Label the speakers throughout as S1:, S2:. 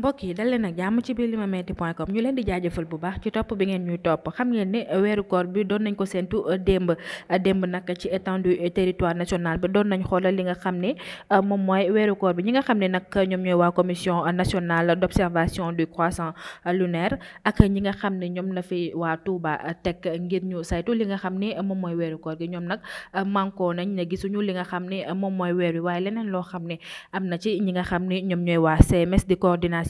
S1: mbokk yi dal leen ak jàmm ci biir limametti point com ñu leen di jaajëfal bu baax ci topp bi ngeen ñuy topp xam ngeen doon nañ ko séntu euh, euh, li nga xam ne euh, moom mooy weeru koor bi nga xam ne nag ñoom ñooy waa commission nationale d' observation du croissant lunaire ak ñi nga xam ne ñoom la fi waa Touba teg ngir ñu saytu li nga xam ni moom mooy weeru koor gi ñoom nag mànkoo nañ na gisuñu li nga xam ne moom mooy weer wi waaye leneen loo xam ne am na ci ñi nga xam ne ñoom ñooy waa CMS di coordination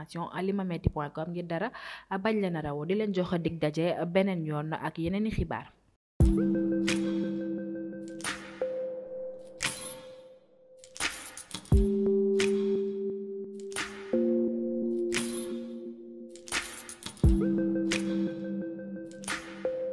S1: information limametti point com ngir dara bañ leen a rawoo di leen jox dig daje beneen yoon ak yeneen i xibaar